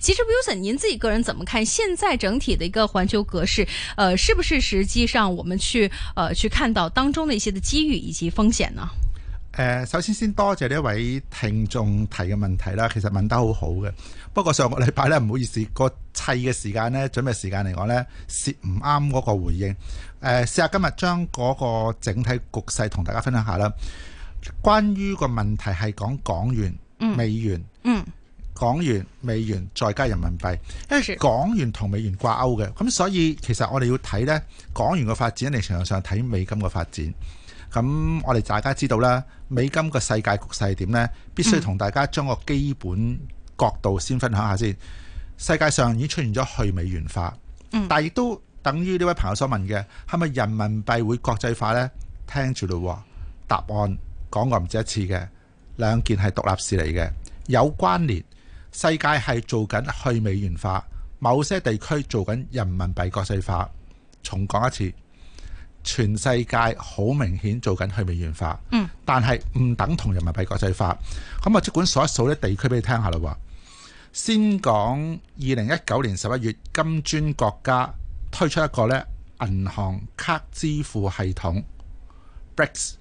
其實 Wilson 您自己個人怎麼看現在整體的一個環球格式？呃，是不是實際上我們去呃去看到當中的一些的機遇以及風險呢、呃？首先先多謝呢位聽眾提嘅問題啦，其實問得好好嘅。不過上個禮拜呢，唔好意思，個砌嘅時間呢，準備時間嚟講呢，攝唔啱嗰個回應。誒、呃，試下今日將嗰個整體局勢同大家分享下啦。關於個問題係講港元、美元、嗯。港元、美元再加人民幣，因為港元同美元掛鈎嘅，咁所以其實我哋要睇咧港元嘅發、發展，一定程度上睇美金嘅發展。咁我哋大家知道啦，美金嘅世界局勢點咧，必須同大家將個基本角度先分享一下先、嗯。世界上已經出現咗去美元化，嗯、但亦都等於呢位朋友所問嘅係咪人民幣會國際化咧？聽住啦、啊，答案講過唔止一次嘅，兩件係獨立事嚟嘅，有關聯。世界係做緊去美元化，某些地區做緊人民幣國際化。重講一次，全世界好明顯做緊去美元化，嗯、但係唔等同人民幣國際化。咁啊，即管數一數啲地區俾你聽下啦。先講二零一九年十一月，金磚國家推出一個咧銀行卡支付系統。Brax。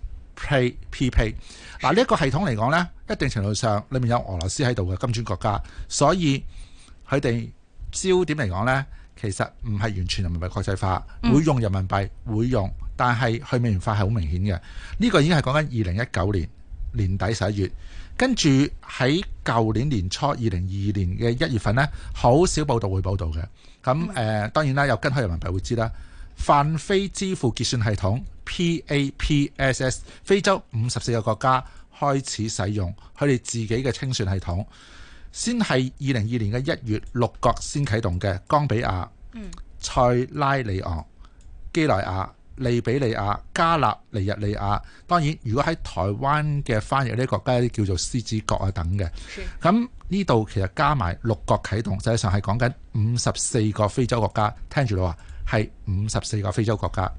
P P P，嗱，呢一個系統嚟講呢，一定程度上裏面有俄羅斯喺度嘅金磚國家，所以佢哋焦點嚟講呢其實唔係完全人民幣國際化，嗯、會用人民幣會用，但係去美元化係好明顯嘅。呢、呢個已經係講緊二零一九年年底十一月，跟住，喺舊年年初二零二二年嘅一月份呢，好少報道會報道嘅。咁誒、呃，當然啦，又跟開人民幣會知啦，泛非支付結算系統。PAPSS 非洲五十四個國家開始使用佢哋自己嘅清算系統，先係二零二年嘅一月六國先啟動嘅、岡比亞、嗯、塞拉利昂、基內亞、利比里亞、加納、尼日利亞。當然，如果喺台灣嘅翻譯呢啲國家，有啲叫做獅子國啊、等嘅。咁呢度其實加埋六國啟動，實際上係講緊五十四個非洲國家。聽住啦，係五十四個非洲國家。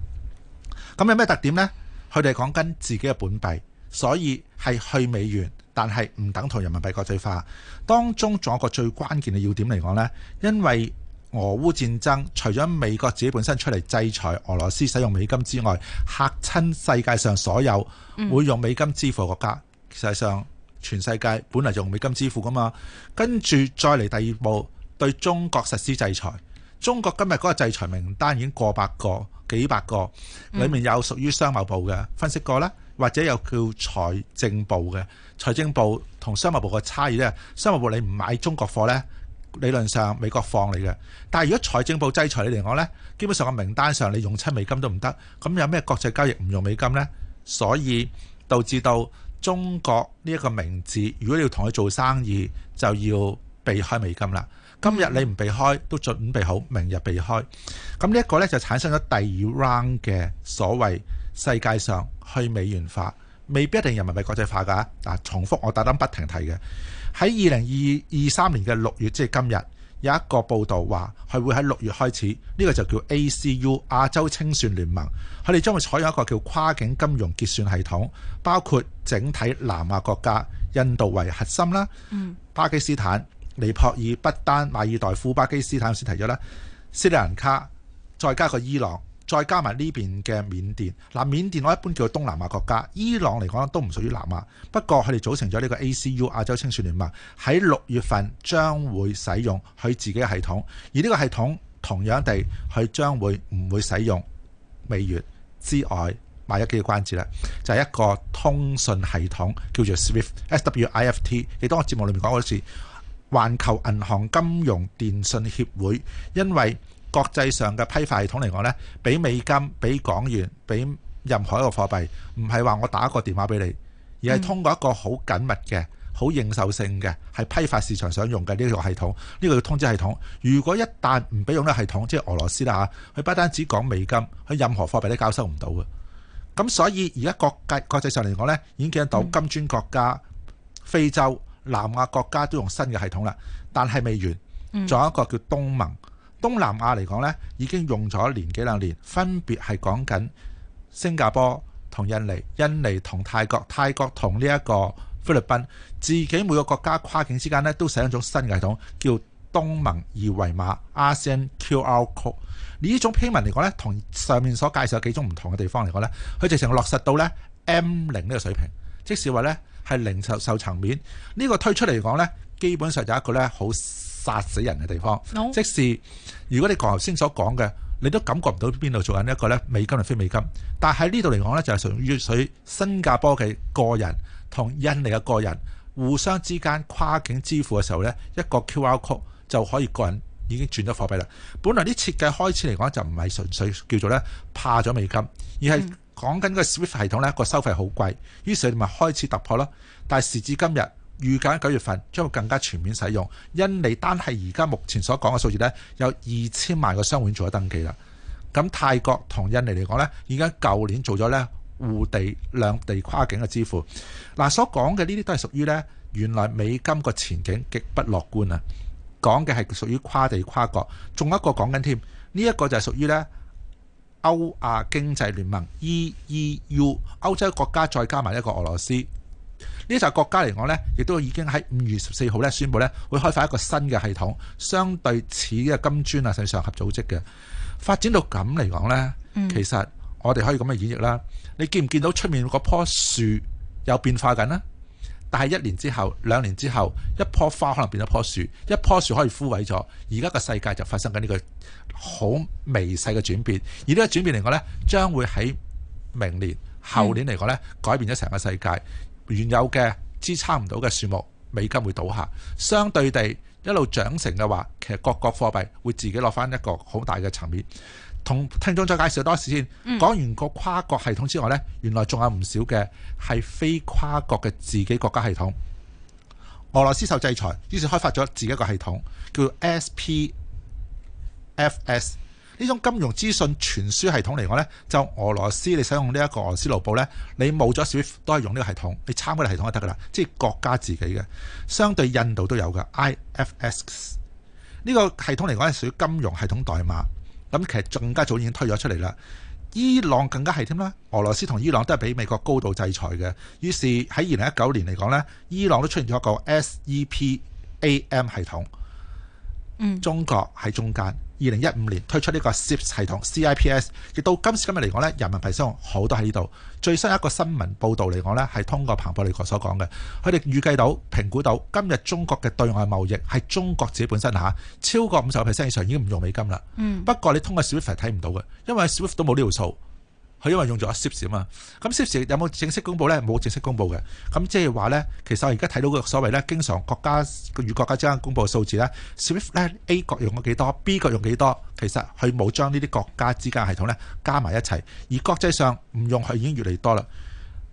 咁有咩特點呢？佢哋講緊自己嘅本幣，所以係去美元，但係唔等同人民幣國際化。當中仲有個最關鍵嘅要點嚟講呢：因為俄烏戰爭，除咗美國自己本身出嚟制裁俄羅斯使用美金之外，吓親世界上所有會用美金支付嘅國家。實際上，全世界本嚟就用美金支付噶嘛，跟住再嚟第二步對中國實施制裁。中國今日嗰個制裁名單已經過百個、幾百個，裡面有屬於商務部嘅分析過啦、嗯，或者有叫財政部嘅。財政部同商務部嘅差異呢，商務部你唔買中國貨呢，理論上美國放你嘅；但係如果財政部制裁你嚟講呢，基本上個名單上你用親美金都唔得。咁有咩國際交易唔用美金呢？所以導致到中國呢一個名字，如果你要同佢做生意，就要避開美金啦。今日你唔避開，都準備好明日避開。咁呢一個呢，就產生咗第二 round 嘅所謂世界上去美元化，未必一定人民幣國際化㗎。嗱，重複我打緊不停提嘅，喺二零二二三年嘅六月，即係今日有一個報導話係會喺六月開始，呢個就叫 ACU 亞洲清算聯盟，佢哋將會採用一個叫跨境金融結算系統，包括整體南亞國家印度為核心啦、嗯，巴基斯坦。尼泊爾、不丹、馬爾代夫、巴基斯坦先提咗啦，斯里蘭卡再加個伊朗，再加埋呢邊嘅緬甸嗱。緬甸我一般叫東南亞國家，伊朗嚟講都唔屬於南亞。不過佢哋組成咗呢個 A.C.U. 亞洲清算聯盟，喺六月份將會使用佢自己嘅系統，而呢個系統同樣地佢將會唔會使用美元之外賣咗幾個關子啦。就係、是、一個通訊系統叫做 Swift S W I F T。亦當我節目裡面講過一次。環球銀行金融電信協會，因為國際上嘅批發系統嚟講咧，俾美金、俾港元、俾任何一個貨幣，唔係話我打一個電話俾你，而係通過一個好緊密嘅、好認受性嘅，係批發市場上用嘅呢個系統，呢個通知系統。如果一旦唔俾用呢個系統，即係俄羅斯啦吓，佢不單止講美金，佢任何貨幣都交收唔到嘅。咁所以而家國際國際上嚟講咧，已經見得到金磚國家、非洲。南亞國家都用新嘅系統啦，但係未完，仲有一個叫東盟。嗯、東南亞嚟講呢，已經用咗年幾兩年，分別係講緊新加坡同印尼、印尼同泰國、泰國同呢一個菲律賓，自己每個國家跨境之間呢，都使用一種新嘅系統，叫東盟二維碼 （ASEAN QR Code）。呢種批文嚟講呢，同上面所介紹嘅幾種唔同嘅地方嚟講呢，佢直情落實到呢 M 零呢個水平。即使話呢係零售層面，呢、呢個推出嚟講呢，基本上就一個呢好殺死人嘅地方。Oh. 即使如果你頭先所講嘅，你都感覺唔到邊度做緊一個呢美金定非美金。但係呢度嚟講呢，就係、是、月水新加坡嘅個人同印尼嘅個人互相之間跨境支付嘅時候呢，一個 QR code 就可以個人已經轉咗貨幣啦。本來啲設計開始嚟講就唔係純粹叫做呢怕咗美金，而係、嗯。講緊嗰個 SWIFT 系統咧，個收費好貴，於是佢哋咪開始突破咯。但係時至今日，預計喺九月份將會更加全面使用。印尼單係而家目前所講嘅數字咧，有二千萬個商戶做咗登記啦。咁泰國同印尼嚟講咧，而家舊年做咗咧互地兩地跨境嘅支付。嗱，所講嘅呢啲都係屬於咧，原來美金個前景極不樂觀啊！講嘅係屬於跨地跨國，仲有一個講緊添，呢一個就係屬於咧。歐亞經濟聯盟 （E.E.U.） 歐洲國家再加埋一個俄羅斯，呢啲就國家嚟講咧，亦都已經喺五月十四號咧宣布咧會開發一個新嘅系統，相對此嘅金磚啊，甚至上合組織嘅發展到咁嚟講咧，其實我哋可以咁嘅演繹啦。你見唔見到出面嗰棵樹有變化緊啊？但係一年之後、兩年之後，一棵花可能變一棵樹，一棵樹可以枯萎咗。而家個世界就發生緊呢個好微細嘅轉變，而呢個轉變嚟講呢，將會喺明年、後年嚟講呢，改變咗成個世界。原有嘅支撐唔到嘅樹木，美金會倒下，相對地一路長成嘅話，其實各國貨幣會自己落翻一個好大嘅層面。同聽眾再介紹多次先。講完個跨國系統之外咧，原來仲有唔少嘅係非跨國嘅自己國家系統。俄羅斯受制裁，於是開發咗自己一個系統，叫 SPFS。呢種金融資訊傳輸系統嚟講呢就俄羅斯你使用呢一個俄羅斯盧布呢你冇咗 SWIFT 都係用呢個系統，你參加個系統就得噶啦。即係國家自己嘅，相對印度都有嘅 IFS。呢個系統嚟講係屬於金融系統代碼。咁其實更加早已經推咗出嚟啦，伊朗更加係添啦，俄羅斯同伊朗都係俾美國高度制裁嘅，於是喺二零一九年嚟講呢，伊朗都出現咗一個 SEPAM 系統，嗯，中國喺中間。二零一五年推出呢個 CIPS 系統 CIPS，亦到今時今日嚟講咧，人民幣使用好多喺呢度。最新一個新聞報導嚟講呢係通過彭博利國所講嘅，佢哋預計到評估到今日中國嘅對外貿易係中國自己本身嚇超過五十個 percent 以上已經唔用美金啦。嗯，不過你通過 SWIFT 係睇唔到嘅，因為 SWIFT 都冇呢條數。佢因為用咗 Swift 啊嘛，咁 Swift 有冇正式公布呢？冇正式公布嘅。咁即係話呢，其實我而家睇到嘅所謂呢，經常國家與國家之間公布嘅數字呢，Swift 呢 A 國用咗幾多，B 國用幾多，其實佢冇將呢啲國家之間系統呢加埋一齊。而國際上唔用佢已經越嚟越多啦。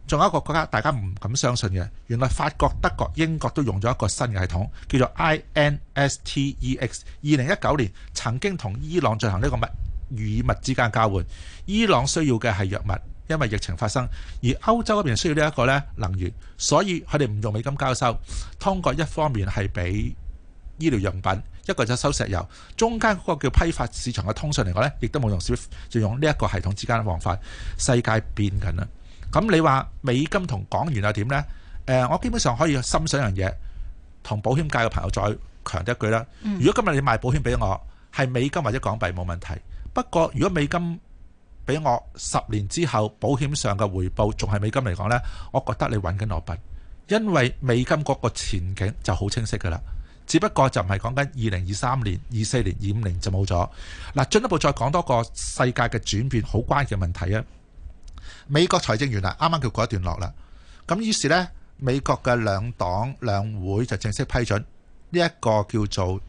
仲有一個國家大家唔敢相信嘅，原來法國、德國、英國都用咗一個新嘅系統，叫做 INSTEX。二零一九年曾經同伊朗進行呢個物與物之間交換，伊朗需要嘅係藥物，因為疫情發生；而歐洲嗰邊需要呢一個咧能源，所以佢哋唔用美金交收。通過一方面係俾醫療用品，一個就收石油。中間嗰個叫批發市場嘅通訊嚟講咧，亦都冇用 Swift，就用呢一個系統之間嘅往法。世界變緊啦。咁你話美金同港元又點咧？誒，我基本上可以深想一樣嘢，同保險界嘅朋友再強調一句啦。如果今日你賣保險俾我，係美金或者港幣冇問題。不過如果美金俾我十年之後保險上嘅回報仲係美金嚟講呢，我覺得你搵緊嚟病，因為美金嗰個前景就好清晰噶啦。只不過就唔係講緊二零二三年、二四年、二五年就冇咗。嗱，進一步再講多個世界嘅轉變好關鍵嘅問題啊！美國財政員啊，啱啱告一段落啦。咁於是呢，美國嘅兩黨兩會就正式批准呢一個叫做。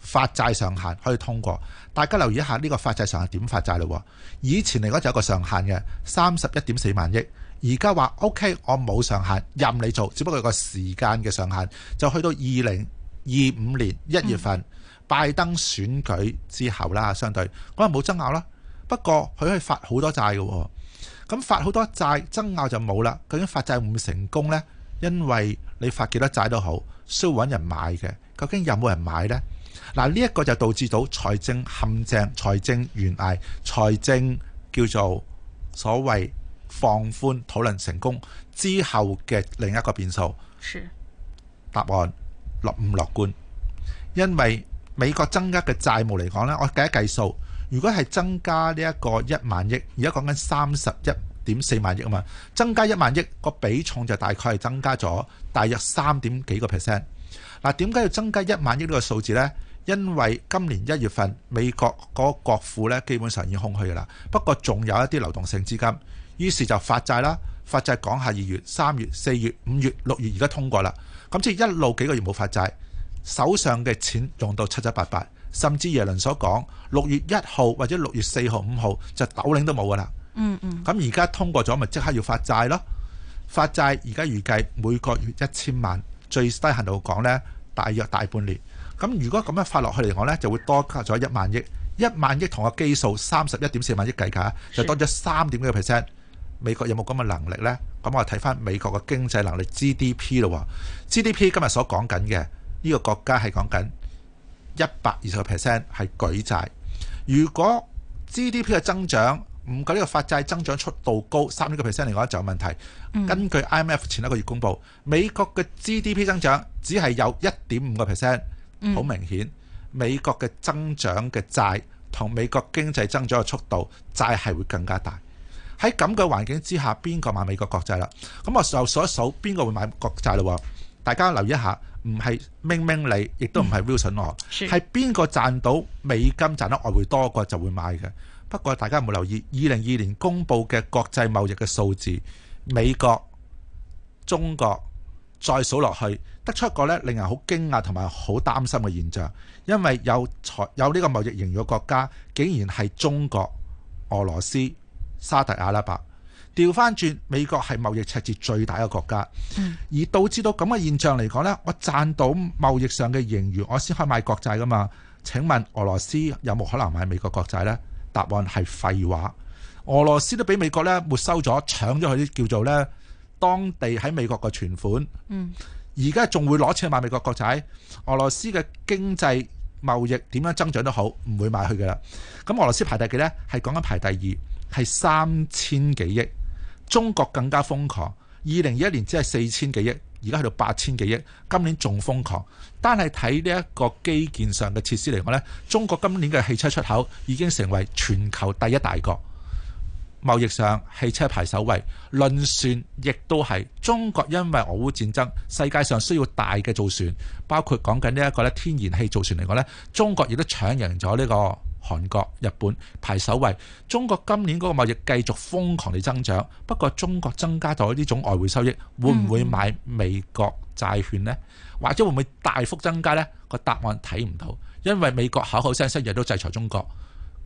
發債上限可以通過，大家留意一下呢個發債上限點發債咯。以前嚟講就有個上限嘅三十一點四萬億，而家話 OK，我冇上限，任你做，只不過有一個時間嘅上限就去到二零二五年一月份、嗯、拜登選舉之後啦。相對我個冇爭拗啦，不過佢可以發好多債嘅。咁發好多債爭拗就冇啦。究竟發債會唔會成功呢？因為你發幾多債都好，需要揾人買嘅。究竟有冇人買呢？嗱，呢一個就導致到財政陷阱、財政懸崖、財政叫做所謂放寬討論成功之後嘅另一個變數。是。答案樂唔樂觀？因為美國增加嘅債務嚟講呢，我計一計數，如果係增加呢一個一萬億，而家講緊三十一。點四萬億啊嘛，增加一萬億，個比重就大概係增加咗大約三點幾個 percent。嗱，點解要增加一萬億呢個數字呢？因為今年一月份美國嗰國庫呢，基本上已經空虛噶啦，不過仲有一啲流動性資金，於是就發債啦。發債講下二月、三月、四月、五月、六月，而家通過啦。咁即係一路幾個月冇發債，手上嘅錢用到七七八八，甚至耶倫所講六月一號或者六月四號、五號就鬥零都冇噶啦。嗯嗯，咁而家通過咗，咪即刻要發債咯？發債而家預計每個月一千萬，最低限度講呢，大約大半年。咁如果咁樣發落去嚟講呢，就會多加咗一萬億，一萬億同個基數三十一點四萬億計價，就多咗三點幾個 percent。美國有冇咁嘅能力呢？咁我睇翻美國嘅經濟能力 GDP 咯。GDP 今日所講緊嘅呢個國家係講緊一百二十個 percent 係舉債。如果 GDP 嘅增長，唔夠呢個發債增長速度高三點個 percent 嚟講就有問題。根據 IMF 前一個月公布，美國嘅 GDP 增長只係有一點五個 percent，好明顯美國嘅增長嘅債同美國經濟增長嘅速度債係會更加大。喺咁嘅環境之下，邊個買美國國債啦？咁我就數一數邊個會買國債咯？大家留意一下，唔係明明你，亦都唔係 Wilson 我，係邊個賺到美金賺得外匯多個就會買嘅。不過，大家有冇留意二零二年公布嘅國際貿易嘅數字，美國、中國再數落去，得出一個咧令人好驚訝同埋好擔心嘅現象，因為有財有呢個貿易盈餘嘅國家，竟然係中國、俄羅斯、沙特阿拉伯，調翻轉美國係貿易赤字最大嘅國家。而導致到咁嘅現象嚟講呢，我賺到貿易上嘅盈餘，我先可以買國債噶嘛？請問俄羅斯有冇可能買美國國債呢？答案係廢話。俄羅斯都俾美國咧沒收咗，搶咗佢啲叫做咧當地喺美國嘅存款。嗯，而家仲會攞錢去買美國國債。俄羅斯嘅經濟貿易點樣增長都好，唔會買去噶啦。咁俄羅斯排第幾呢？係講緊排第二，係三千幾億。中國更加瘋狂。二零二一年只係四千幾億，而家去到八千幾億。今年仲瘋狂，單係睇呢一個基建上嘅設施嚟講呢中國今年嘅汽車出口已經成為全球第一大國。貿易上汽車排首位，輪船亦都係中國。因為俄烏戰爭，世界上需要大嘅造船，包括講緊呢一個咧天然氣造船嚟講呢中國亦都搶贏咗呢個。韓國、日本排首位。中國今年嗰個貿易繼續瘋狂地增長，不過中國增加咗呢種外匯收益，會唔會買美國債券呢？嗯、或者會唔會大幅增加呢？個答案睇唔到，因為美國口口聲聲亦都制裁中國。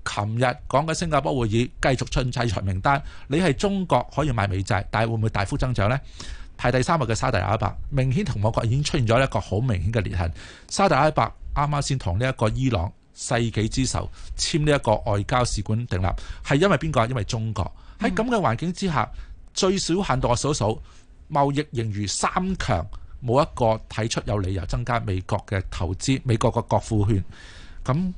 琴日講緊新加坡會議繼續出制裁名單，你係中國可以買美債，但係會唔會大幅增長呢？排第三位嘅沙特阿拉伯，明顯同美國已經出現咗一個好明顯嘅裂痕。沙特阿拉伯啱啱先同呢一個伊朗。世紀之仇簽呢一個外交使館訂立係因為邊個啊？因為中國。喺咁嘅環境之下，最少限度我數數貿易盈餘，三強冇一個睇出有理由增加美國嘅投資、美國個國庫券。咁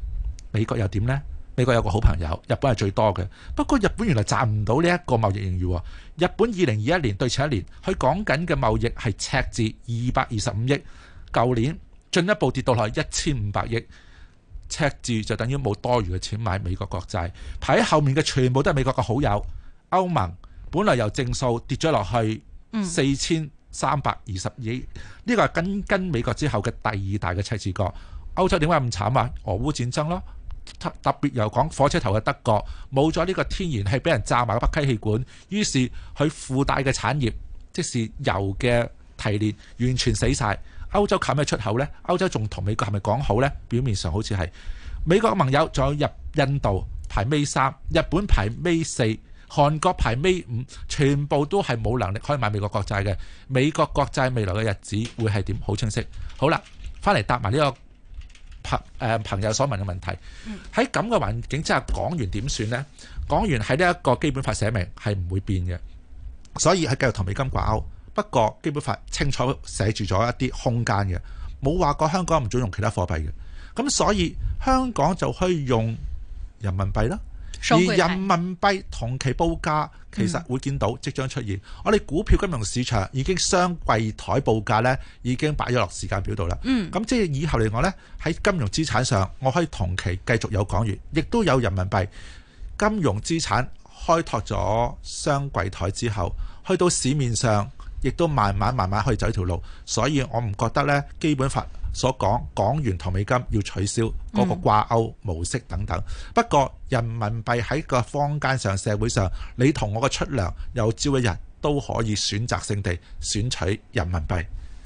美國又點呢？美國有個好朋友日本係最多嘅，不過日本原來賺唔到呢一個貿易盈餘。日本二零二一年對前一年佢講緊嘅貿易係赤字二百二十五億，舊年進一步跌到落一千五百億。赤字就等於冇多餘嘅錢買美國國債，排喺後面嘅全部都係美國嘅好友。歐盟本來由正數跌咗落去四千三百二十億呢、嗯呢個係跟跟美國之後嘅第二大嘅赤字國。歐洲點解咁慘啊？俄烏戰爭咯，特特別又講火車頭嘅德國冇咗呢個天然氣俾人炸埋個北溪氣管，於是佢附帶嘅產業即是油嘅提煉完全死晒。歐洲靠咩出口呢？歐洲仲同美國係咪講好呢？表面上好似係美國嘅盟友，仲有日、印度排尾三，日本排尾四，韓國排尾五，全部都係冇能力可以買美國國債嘅。美國國債未來嘅日子會係點？好清晰。好啦，翻嚟答埋呢個朋誒朋友所問嘅問題。喺咁嘅環境之下，港元點算呢？港元喺呢一個基本法寫明係唔會變嘅，所以係繼續同美金掛鈎。不過，基本法清楚寫住咗一啲空間嘅，冇話過香港唔準用其他貨幣嘅，咁所以香港就可以用人民幣啦。而人民幣同期報價其實會見到即將出現。嗯、我哋股票金融市場已經雙櫃台報價呢，已經擺咗落時間表度啦。嗯，咁即係以後嚟講呢，喺金融資產上，我可以同期繼續有港元，亦都有人民幣金融資產，開拓咗雙櫃台之後，去到市面上。亦都慢慢慢慢可以走條路，所以我唔覺得基本法所講港元同美金要取消嗰個掛鈎模式等等、嗯。不過人民幣喺個坊間上社會上，你同我嘅出糧有朝一日都可以選擇性地選取人民幣。